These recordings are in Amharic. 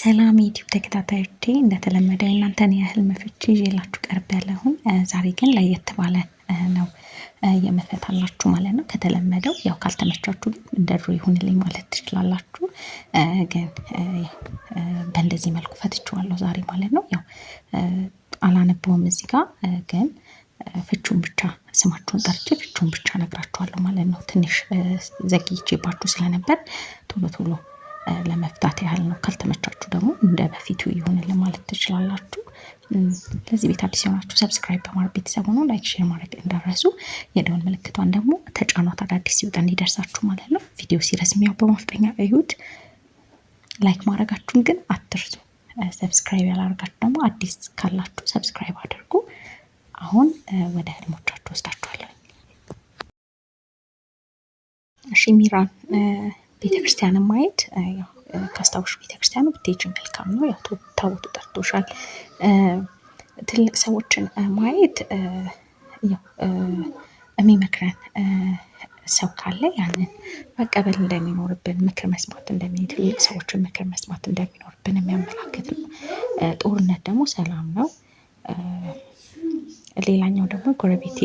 ሰላም ዩቲዩብ ተከታታዮቼ እንደተለመደው እናንተን የህልም ፍቺ ይዤላችሁ ቀርብ ያለሁም ዛሬ ግን ለየት ባለ ነው የመፈታላችሁ ማለት ነው። ከተለመደው ያው ካልተመቻችሁ ግን እንደ ድሮ ይሁንልኝ ማለት ትችላላችሁ። ግን በእንደዚህ መልኩ ፈትችዋለሁ ዛሬ ማለት ነው። ያው አላነበውም እዚህ ጋር ግን ፍቹን ብቻ ስማችሁን ጠርቼ ፍቹን ብቻ ነግራችኋለሁ ማለት ነው። ትንሽ ዘግይቼባችሁ ስለነበር ቶሎ ቶሎ ለመፍታት ያህል ነው። ካልተመቻችሁ ደግሞ እንደ በፊቱ ይሁንልን ማለት ትችላላችሁ። ለዚህ ቤት አዲስ የሆናችሁ ሰብስክራይብ በማድረግ ቤተሰብ ሆኖ ላይክ፣ ሼር ማድረግ እንዳረሱ የደውን ምልክቷን ደግሞ ተጫኗት፣ አዳዲስ ሲወጣ እንዲደርሳችሁ ማለት ነው። ቪዲዮ ሲረዝም ያው በማፍጠኛ እዩት። ላይክ ማድረጋችሁን ግን አትርሱ። ሰብስክራይብ ያላደርጋችሁ ደግሞ አዲስ ካላችሁ ሰብስክራይብ አድርጉ። አሁን ወደ ህልሞቻችሁ ወስዳችኋለሁ። እሺ ሚራን ቤተክርስቲያን ማየት ካስታወስሽ ቤተክርስቲያን ብትሄጂ መልካም ነው። ያው ታቦቱ ጠርቶሻል። ትልቅ ሰዎችን ማየት የሚመክረን ሰው ካለ ያንን መቀበል እንደሚኖርብን ምክር መስማት እንደሚ ትልቅ ሰዎችን ምክር መስማት እንደሚኖርብን የሚያመላክት ነው። ጦርነት ደግሞ ሰላም ነው። ሌላኛው ደግሞ ጎረቤቴ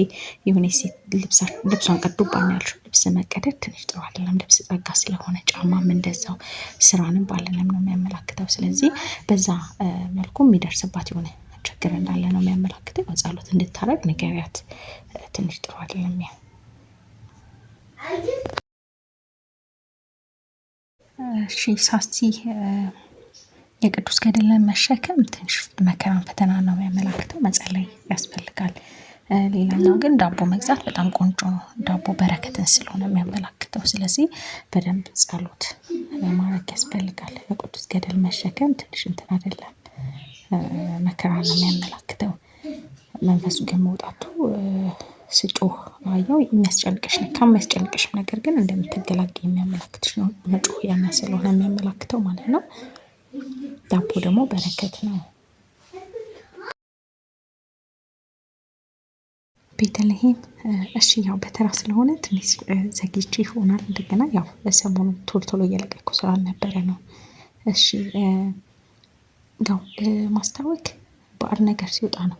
የሆነ ሴት ልብሷን ቀዶባኛለች። ልብስ መቀደድ ትንሽ ጥሩ አይደለም። ልብስ ጸጋ ስለሆነ ጫማም እንደዛው ስራንም ባለንም ነው የሚያመላክተው። ስለዚህ በዛ መልኩ የሚደርስባት የሆነ ችግር እንዳለ ነው የሚያመላክተው። ጸሎት እንድታረግ ንገሪያት። ትንሽ ጥሩ አይደለም። ያ ሳሲ የቅዱስ ገድልን መሸከም ትንሽ መከራን ፈተና ነው የሚያመላክተው። መጸለይ ያስፈልጋል። ሌላኛው ግን ዳቦ መግዛት በጣም ቆንጆ ነው። ዳቦ በረከትን ስለሆነ የሚያመላክተው። ስለዚህ በደንብ ጸሎት ለማድረግ ያስፈልጋል። የቅዱስ ገድል መሸከም ትንሽ እንትን አይደለም፣ መከራ ነው የሚያመላክተው። መንፈሱ ግን መውጣቱ ስጮህ አየው የሚያስጨንቅሽ ከሚያስጨንቅሽም ነገር ግን እንደምትገላግ የሚያመላክትሽ ነው። መጮህ ያና ስለሆነ የሚያመላክተው ማለት ነው። ዳቦ ደግሞ በረከት ነው። ቤተልሔም እሺ፣ ያው በተራ ስለሆነ ትንሽ ዘግይቼ ይሆናል። እንደገና ያው ለሰሞኑ ቶሎ ቶሎ እየለቀኩ ስላልነበረ ነው። እሺ፣ ያው ማስታወቅ በዓል ነገር ሲወጣ ነው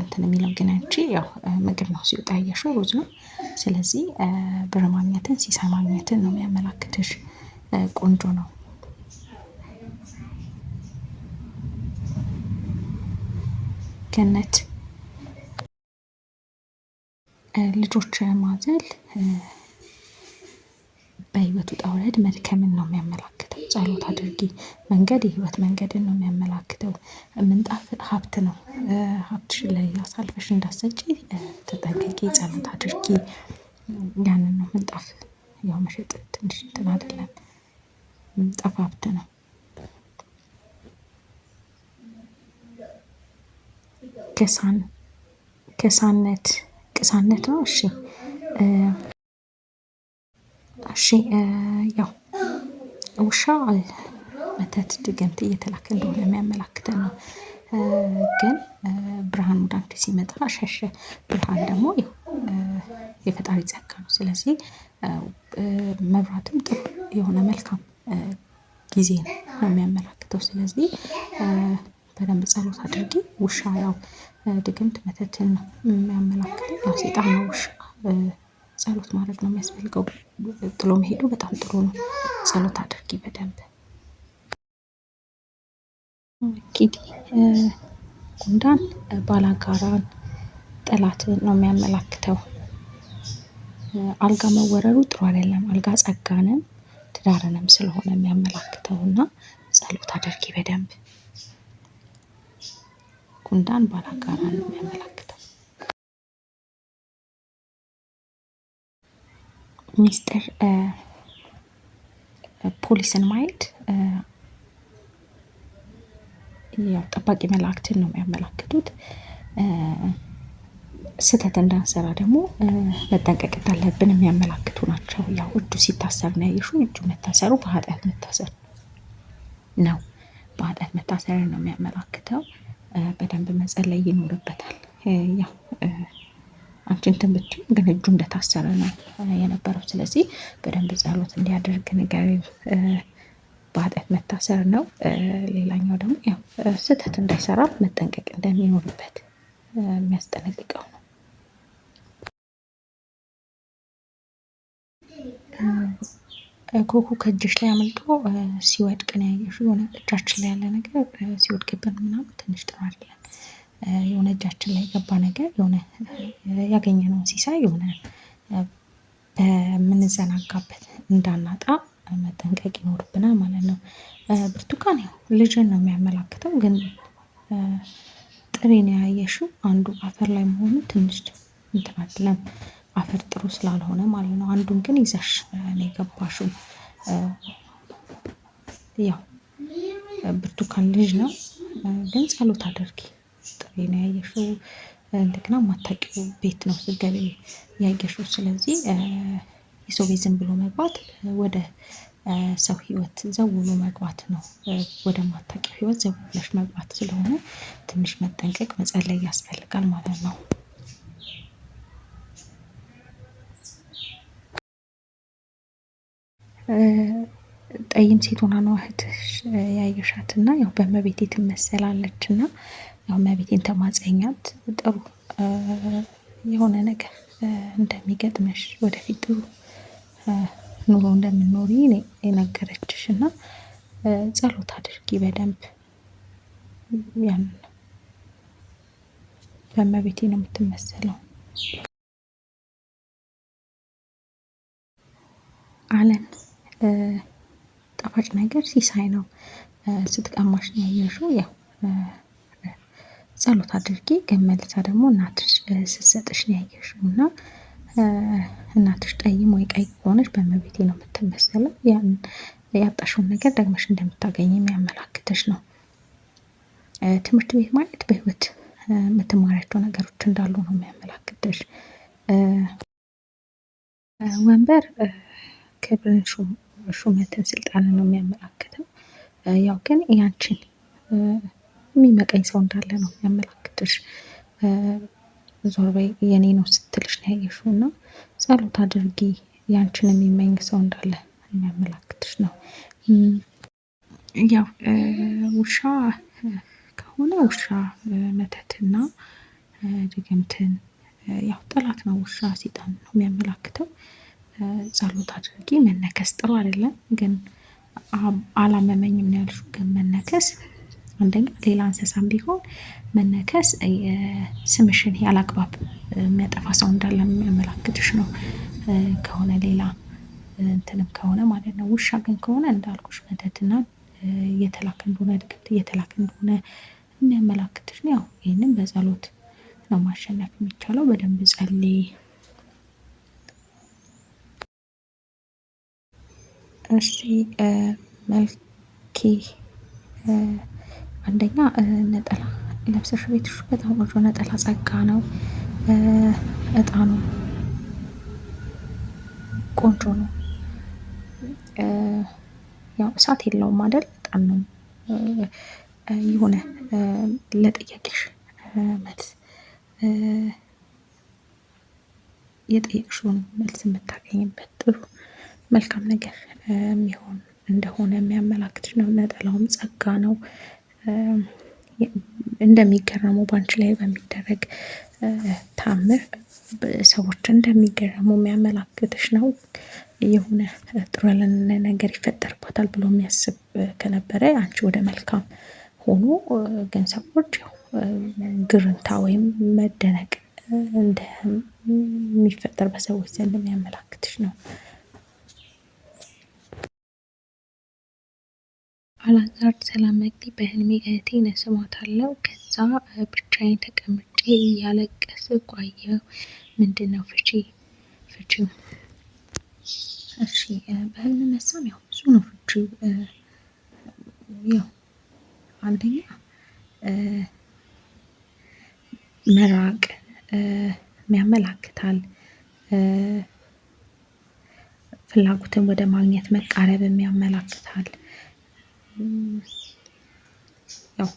እንትን የሚለው ግን አንቺ ያው ምግብ ነው ሲወጣ ያየሽው ሩዝ ነው። ስለዚህ ብር ማግኘትን ሲሳይ ማግኘትን ነው የሚያመላክትሽ። ቆንጆ ነው። ገነት ልጆች ማዘል በህይወት ውጣ ውረድ መድከምን ነው የሚያመላክተው። ጸሎት አድርጊ። መንገድ የህይወት መንገድን ነው የሚያመላክተው። ምንጣፍ ሀብት ነው። ሀብትሽ ላይ አሳልፈሽ እንዳሰጪ ተጠንቀቂ፣ ጸሎት አድርጊ። ከሳን ከሳነት ቅሳነት ነው። እሺ እሺ። ያው ውሻ መተት ድገምት እየተላከ እንደሆነ የሚያመላክተን ነው። ግን ብርሃን ወደ ሲመጣ ሸሸ። ብርሃን ደግሞ የፈጣሪ ጸጋ ነው። ስለዚህ መብራትም ጥሩ የሆነ መልካም ጊዜ ነው የሚያመላክተው። ስለዚህ በደንብ ጸሎት አድርጊ። ውሻ ያው ድግምት መተትን ነው የሚያመላክተው። ያው ሴጣን ነው ውሻ። ጸሎት ማድረግ ነው የሚያስፈልገው። ጥሎ መሄዱ በጣም ጥሩ ነው። ጸሎት አድርጊ በደንብ ኪዲ። ጉንዳን ባላጋራን፣ ጠላትን ነው የሚያመላክተው። አልጋ መወረሩ ጥሩ አይደለም። አልጋ ጸጋንም ትዳርንም ስለሆነ የሚያመላክተው እና ጸሎት አድርጊ በደንብ ኩንዳን ባላጋራ ነው የሚያመላክተው። ሚስጥር ፖሊስን ማየት ያው ጠባቂ መላእክትን ነው የሚያመላክቱት። ስህተት እንዳንሰራ ደግሞ መጠንቀቅ እንዳለብን የሚያመላክቱ ናቸው። ያው እጁ ሲታሰር ነው ያየሽው። እጁ መታሰሩ በኃጢአት መታሰር ነው፣ በኃጢአት መታሰር ነው የሚያመላክተው። በደንብ መጸለይ ይኖርበታል። ያው አንቺ እንትን ብትይም ግን እጁ እንደታሰረ ነው የነበረው። ስለዚህ በደንብ ጸሎት እንዲያደርግ ንገሪው። በኃጢአት መታሰር ነው። ሌላኛው ደግሞ ያው ስህተት እንዳይሰራ መጠንቀቅ እንደሚኖርበት የሚያስጠነቅቀው ነው። ኮኩ ከእጅሽ ላይ አመልጦ ሲወድቅ ነው የሆነ እጃችን ላይ ያለ ነገር ሲወድቅብን ምናምን ትንሽ ጥሩ አይደለም። የሆነ እጃችን ላይ የገባ ነገር የሆነ ያገኘነውን ሲሳይ የሆነ በምንዘናጋበት እንዳናጣ መጠንቀቅ ይኖርብናል ማለት ነው። ብርቱካን ያው ልጅን ነው የሚያመላክተው፣ ግን ጥሬ ነው ያየሽው አንዱ አፈር ላይ መሆኑ ትንሽ እንትን አይደለም። አፈር ጥሩ ስላልሆነ ማለት ነው። አንዱን ግን ይዘሽ ነው የገባሽው። ያው ብርቱካን ልጅ ነው፣ ግን ጸሎት አድርጊ። ጥሬ ነው ያየሽው፣ እንደገና ማታቂው ቤት ነው ስገቢ ያየሽው። ስለዚህ የሰው ቤት ዝም ብሎ መግባት ወደ ሰው ህይወት ዘው መግባት ነው። ወደ ማታቂው ህይወት ዘው መግባት ስለሆነ ትንሽ መጠንቀቅ፣ መጸለይ ያስፈልጋል ማለት ነው። ጠይም ሴት ሆና ነው እህትሽ ያየሻት እና ያው በእመቤቴ ትመሰላለች እና ያው መቤቴን ተማጸኛት ጥሩ የሆነ ነገር እንደሚገጥመሽ ወደፊት ጥሩ ኑሮ እንደምኖሪ የነገረችሽ እና ጸሎት አድርጊ በደንብ ያንን በመቤቴ ነው የምትመሰለው አለን። ጣፋጭ ነገር ሲሳይ ነው። ስትቀማሽ ነው ያየሽው ያው ጸሎት አድርጌ ገመልታ ደግሞ እናትሽ ስትሰጥሽ ነው ያየሽው እና እናትሽ ጠይም ወይ ቀይ ከሆነች በመቤቴ ነው የምትመሰለው። ያጣሽውን ነገር ደግመሽ እንደምታገኝ የሚያመላክተሽ ነው። ትምህርት ቤት ማለት በህይወት የምትማሪያቸው ነገሮች እንዳሉ ነው የሚያመላክተሽ። ወንበር ክብርን ሹም ሹመትን ስልጣን ነው የሚያመላክተው። ያው ግን ያንቺን የሚመቀኝ ሰው እንዳለ ነው የሚያመላክትሽ። ዞር በይ የኔ ነው ስትልሽ ነው ያየሽው እና ጸሎት አድርጊ ያንቺን የሚመኝ ሰው እንዳለ የሚያመላክትሽ ነው። ያው ውሻ ከሆነ ውሻ መተትና ድግምትን ያው ጠላት ነው። ውሻ ሰይጣን ነው የሚያመላክተው። ጸሎት አድርጊ። መነከስ ጥሩ አይደለም፣ ግን አላመመኝም ነው ያልሽው። ግን መነከስ አንደኛ ሌላ እንስሳም ቢሆን መነከስ ስምሽን ያላግባብ የሚያጠፋ ሰው እንዳለ የሚያመላክትሽ ነው። ከሆነ ሌላ እንትንም ከሆነ ማለት ነው። ውሻ ግን ከሆነ እንዳልኩሽ መተትና እየተላከ እንደሆነ ድግምት እየተላከ እንደሆነ የሚያመላክትሽ ነው። ያው ይህንም በጸሎት ነው ማሸነፍ የሚቻለው። በደንብ ጸልይ። እሺ መልኬ አንደኛ ነጠላ ለብሰሽ ቤትሽ በጣም ቆንጆ ነጠላ ጸጋ ነው። እጣኑ ቆንጆ ነው። ያው እሳት የለውም አይደል? እጣን ነው። የሆነ ለጥያቄሽ መልስ የጠየቅሽውን መልስ የምታገኝበት ጥሩ መልካም ነገር የሚሆን እንደሆነ የሚያመላክት ነው። ነጠላውም ጸጋ ነው። እንደሚገረሙ በአንች ላይ በሚደረግ ታምር ሰዎች እንደሚገረሙ የሚያመላክትሽ ነው። የሆነ ጥሩ ያለን ነገር ይፈጠርባታል ብሎ የሚያስብ ከነበረ አንቺ ወደ መልካም ሆኖ ግን ሰዎች ግርንታ ወይም መደነቅ እንደሚፈጠር በሰዎች ዘንድ የሚያመላክትሽ ነው። አላዛር ሰላመግቢ በህልሜ እህቴን እስማታለሁ። ከዛ ብቻዬን ተቀምጬ እያለቀስኩ ቆየሁ። ምንድን ነው ፍቺ? ፍቺው እሺ፣ በህልም መሳም ያው ብዙ ነው ፍቺው። ያው አንደኛ መራቅ የሚያመላክታል ፍላጎትን ወደ ማግኘት መቃረብ የሚያመላክታል። ያው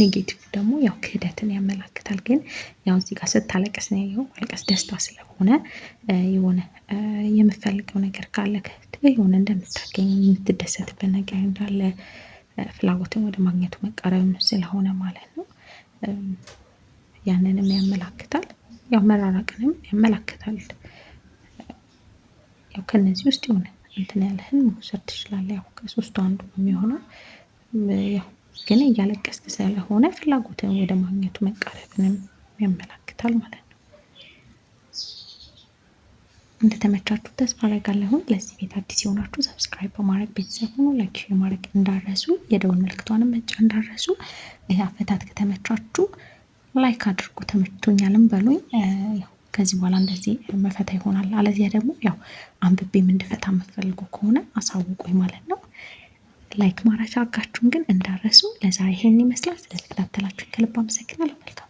ኔጌቲቭ ደግሞ ያው ክህደትን ያመላክታል። ግን ያው እዚህ ጋር ስታለቀስ ነው ያየው ማልቀስ ደስታ ስለሆነ የሆነ የምትፈልገው ነገር ካለ የሆነ እንደምታገኝ የምትደሰትበት ነገር እንዳለ ፍላጎትን ወደ ማግኘቱ መቃረብ ስለሆነ ማለት ነው። ያንንም ያመላክታል። ያው መራራቅንም ያመላክታል። ያው ከነዚህ ውስጥ የሆነ እንትን ያለህን መውሰድ ትችላለህ። ያው ከሶስቱ አንዱ የሚሆነው። ያው ግን እያለቀስክ ስለሆነ ፍላጎትን ወደ ማግኘቱ መቃረብንም ያመላክታል ማለት ነው። እንደተመቻችሁ ተስፋ አደርጋለሁኝ። ለዚህ ቤት አዲስ የሆናችሁ ሰብስክራይብ በማድረግ ቤተሰብ ሆኖ ላይክ ማድረግ እንዳረሱ፣ የደውል ምልክቷንም መጫ እንዳረሱ። ይህ አፈታት ከተመቻችሁ ላይክ አድርጉ፣ ተመችቶኛልም በሉኝ። ከዚህ በኋላ እንደዚህ መፈታ ይሆናል። አለዚያ ደግሞ ያው አንብቤም እንድፈታ የምትፈልጉ ከሆነ አሳውቁኝ ማለት ነው። ላይክ ማራች አጋችሁን ግን እንዳረሱ። ለዛ ይሄን ይመስላል። ስለተከታተላችሁን ከልብ አመሰግናለሁ። መልካም